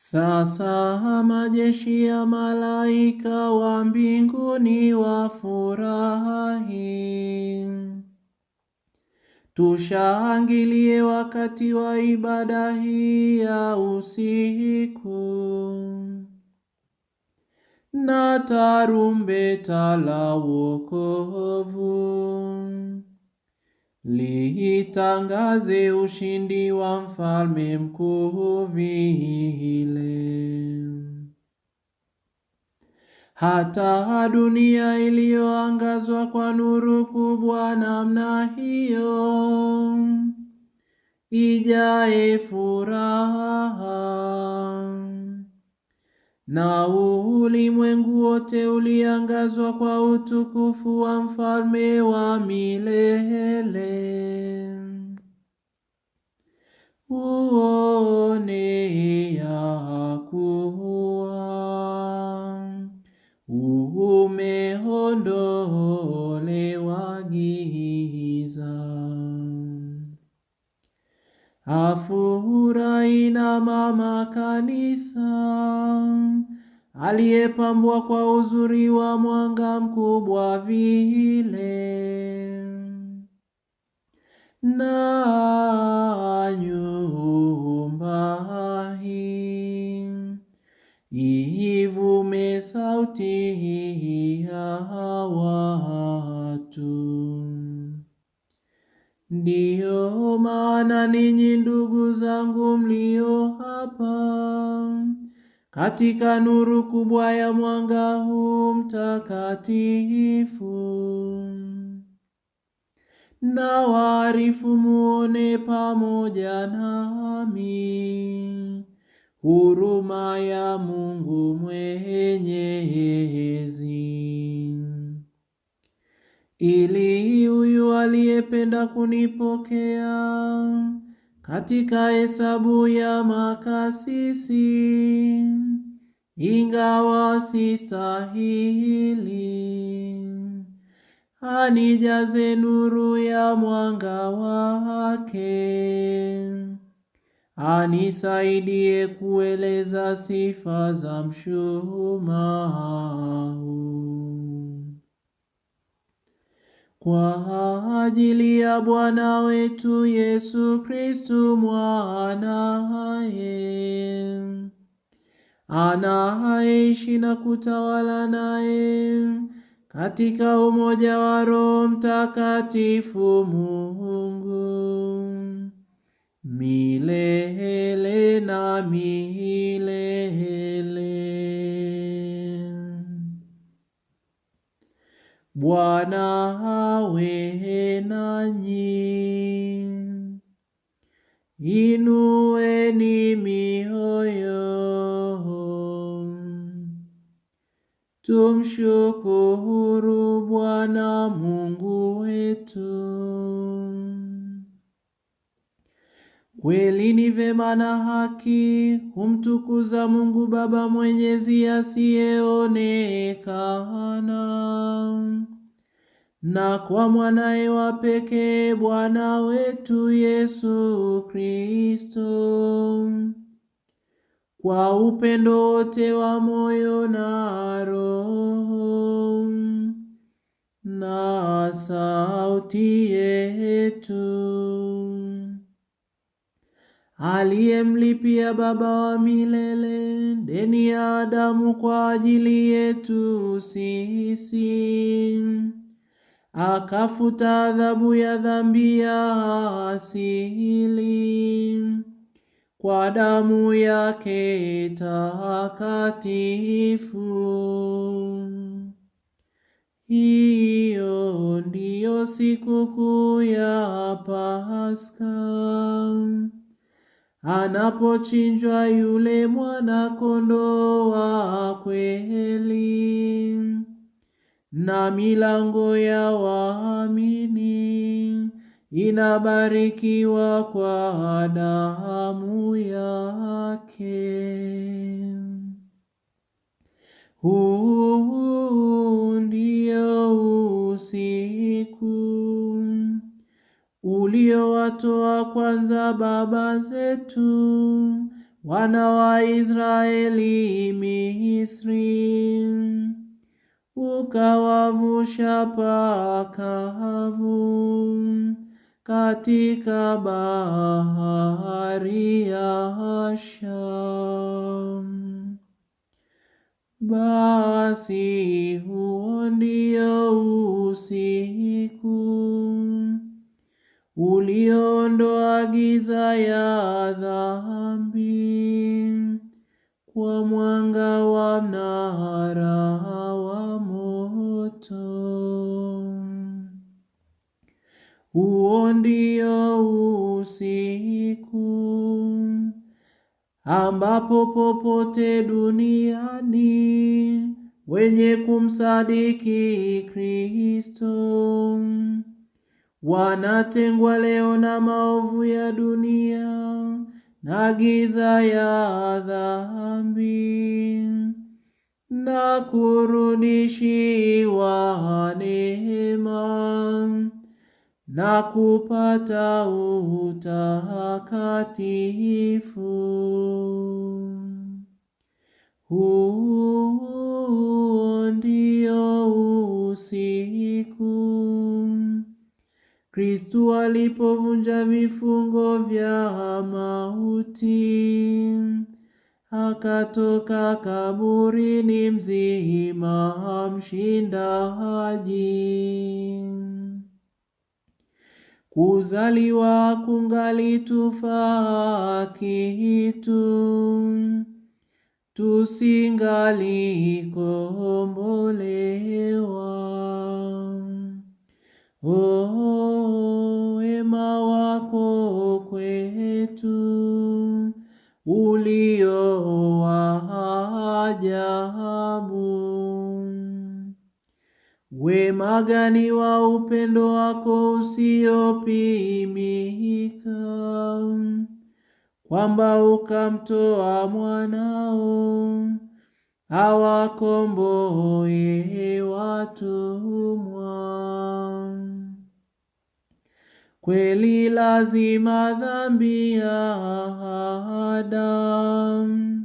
Sasa majeshi ya malaika wa mbinguni wafurahi, tushangilie wakati wa ibada hii ya usiku, na tarumbeta la wokovu liitangaze ushindi wa mfalme mkuu vile. Hata dunia iliyoangazwa kwa nuru kubwa namna hiyo, ijae furaha na ulimwengu wote uliangazwa kwa utukufu wa mfalme wa milele. Uone aliyepambwa kwa uzuri wa mwanga mkubwa vile na nyumba hii ivume sauti ya watu. Ndiyo maana ninyi ndugu zangu mlio hapa katika nuru kubwa ya mwanga huu mtakatifu, na waarifu muone pamoja nami huruma ya Mungu Mwenyezi, ili huyu aliyependa kunipokea katika hesabu ya makasisi ingawa sistahili, anijaze nuru ya mwanga wake, anisaidie kueleza sifa za mshumaa kwa ajili ya Bwana wetu Yesu Kristu mwanaye anaishi na kutawala naye katika umoja wa Roho Mtakatifu Mungu milele na milele. Bwana awe nanyi. Inueni mioyo Tumshukuru Bwana Mungu wetu. Kweli ni vema na haki kumtukuza Mungu Baba Mwenyezi asiyeonekana, na kwa mwanaye wa pekee Bwana wetu Yesu Kristo kwa upendo wote wa moyo na roho na sauti yetu, aliyemlipia Baba wa milele deni ya Adamu kwa ajili yetu sisi, akafuta adhabu ya dhambi ya asili kwa damu yake takatifu. Hiyo ndiyo sikukuu ya Pasaka, anapochinjwa yule mwana kondoo wa kweli, na milango ya waamini inabarikiwa kwa damu yake. Huu ndio usiku uliowatoa kwanza baba zetu wana wa Israeli Misri, ukawavusha pakavu katika bahari ya Hasham. Basi huo ndio usiku uliondoa giza ya dhambi kwa mwanga wa mnara Huo ndio usiku ambapo popote duniani wenye kumsadiki Kristo wanatengwa leo na maovu ya dunia na giza ya dhambi na kurudishiwa neema na kupata utakatifu. Huo ndio usiku Kristu alipovunja vifungo vya mauti, akatoka kaburini mzima, mshindaji kuzaliwa kungalitufaa kitu, tusingalikombolewa. Oh, wema wako kwetu ulio wa ajabu Wema gani wa upendo wako usiopimika, kwamba ukamtoa mwanao awakomboe watumwa. Kweli lazima dhambi ya Adamu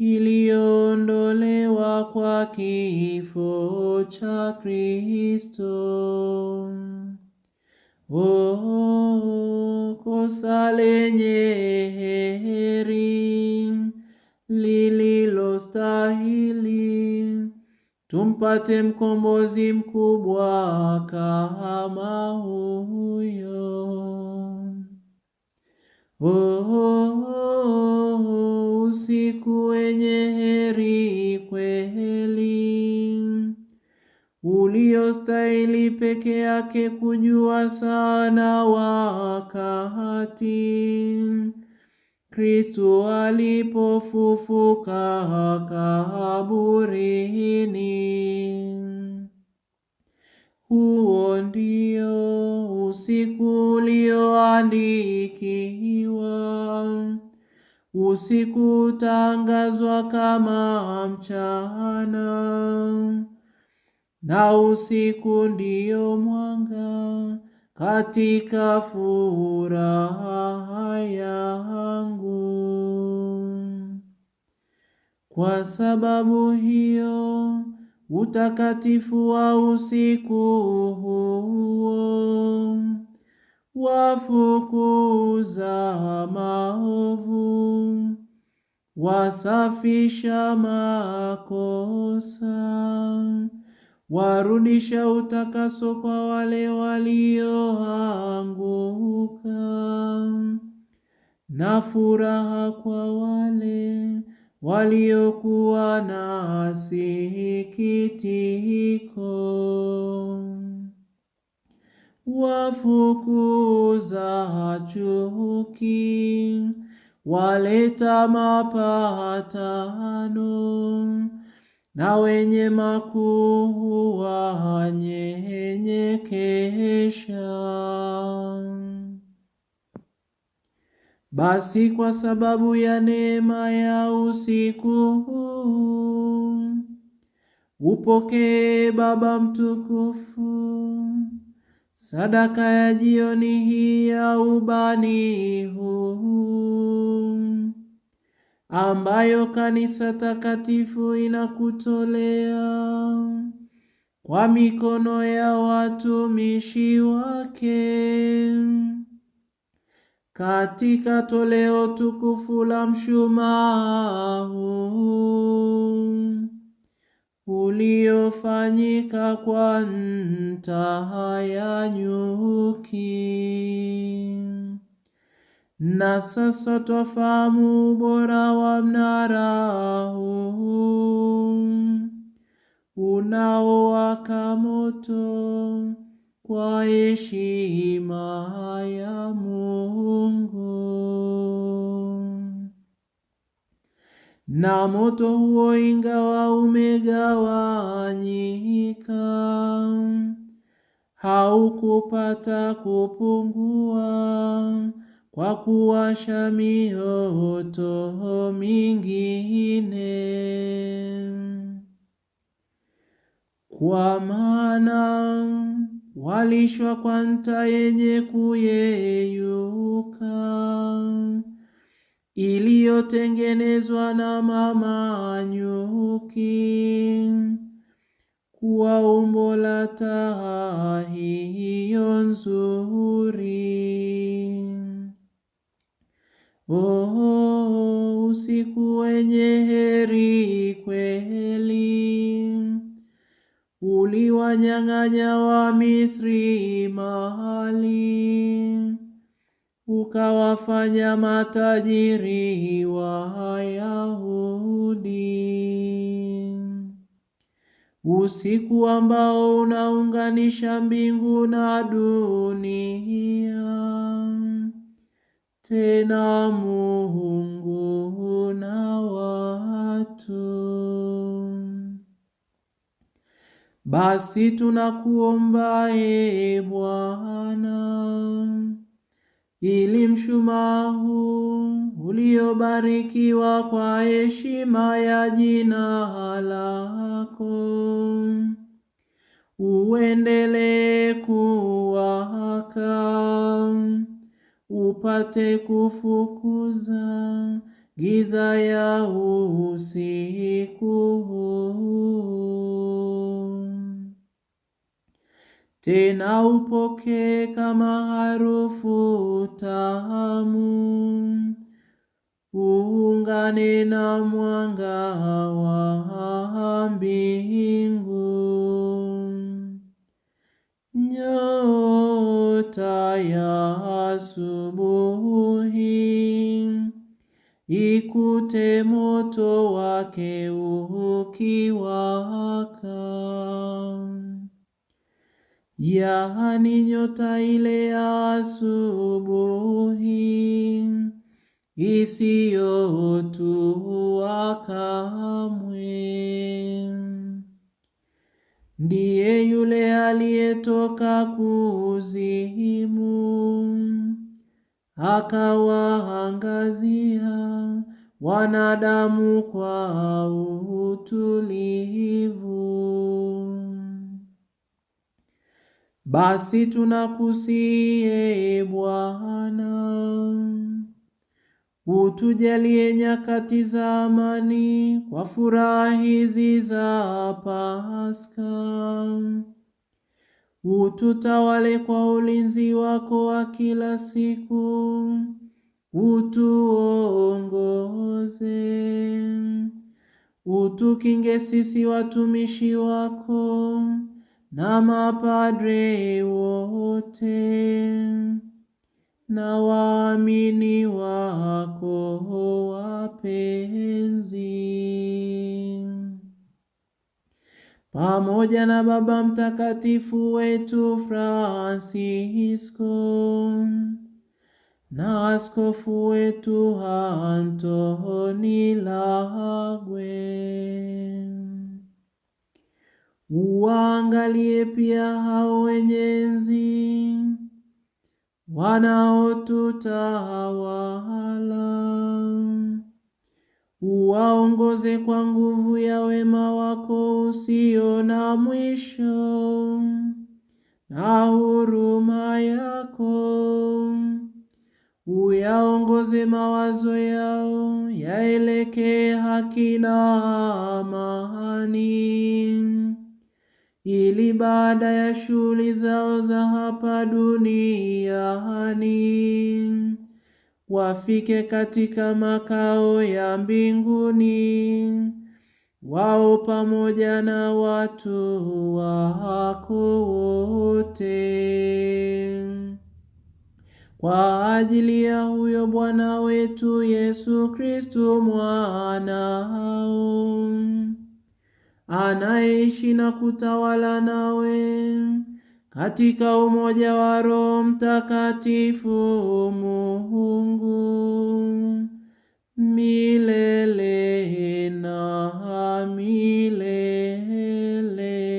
iliyoondolewa kwa kifo cha Kristo. Oh, kosa lenye heri lililostahili tumpate mkombozi mkubwa kama huyo. Oh, yake kujua sana wakati Kristu alipofufuka kaburini. Huo ndio usiku ulioandikiwa, usiku tangazwa kama mchana na usiku ndiyo mwanga katika furaha yangu. Kwa sababu hiyo utakatifu wa usiku huo wafukuza maovu, wasafisha makosa warudisha utakaso kwa wale walioanguka na furaha kwa wale waliokuwa na sikitiko. Wafukuza chuki, waleta mapatano na wenye makuu wanyenyekesha. Basi kwa sababu ya neema ya usiku huu, upokee Baba mtukufu sadaka ya jioni hii ya ubani huu, ambayo kanisa takatifu inakutolea kwa mikono ya watumishi wake katika toleo tukufu la mshumaa huu uliofanyika kwa nta ya nyuki na sasa twafahamu ubora wa mnara huu unaowaka moto kwa heshima ya Mungu. Na moto huo, ingawa umegawanyika, haukupata kupungua wakuwasha mioto mingine. Kwa maana walishwa kwa nta yenye kuyeyuka iliyotengenezwa na mama nyuki, kuwa umbo la taa hiyo nzuri Oh, usiku wenye heri kweli, uliwanyang'anya wa Misri mahali ukawafanya matajiri wa yahudi Usiku ambao unaunganisha mbingu na dunia tena Mungu na watu. Basi tunakuomba e Bwana, ili mshumaa huu uliobarikiwa kwa heshima ya jina lako uendelee kuwaka upate kufukuza giza ya usiku. Tena upokee kama harufu tamu, uungane na mwanga wa mbingu nyota ya asubuhi ikute moto wake ukiwaka, yaani nyota ile ya asubuhi isiyotuwa kamwe ndiye yule aliyetoka kuzimu akawaangazia wanadamu kwa utulivu. Basi tunakusihi Bwana Utujalie nyakati za amani kwa furaha hizi za Pasaka. Ututawale kwa ulinzi wako wa kila siku, utuongoze. Utukinge sisi watumishi wako na mapadre wote na waamini wako wapenzi, pamoja na Baba Mtakatifu wetu Francisco na askofu wetu Antoni Lagwe. Uwaangalie pia hao wenyenzi wanaotutawala uwaongoze kwa nguvu ya wema wako usio na mwisho na huruma yako. Uyaongoze mawazo yao yaelekee haki na amani ili baada ya shughuli zao za hapa duniani wafike katika makao ya mbinguni, wao pamoja na watu wako wote, kwa ajili ya huyo Bwana wetu Yesu Kristo mwanao anaishi na kutawala nawe katika umoja wa Roho Mtakatifu Mungu milele na milele.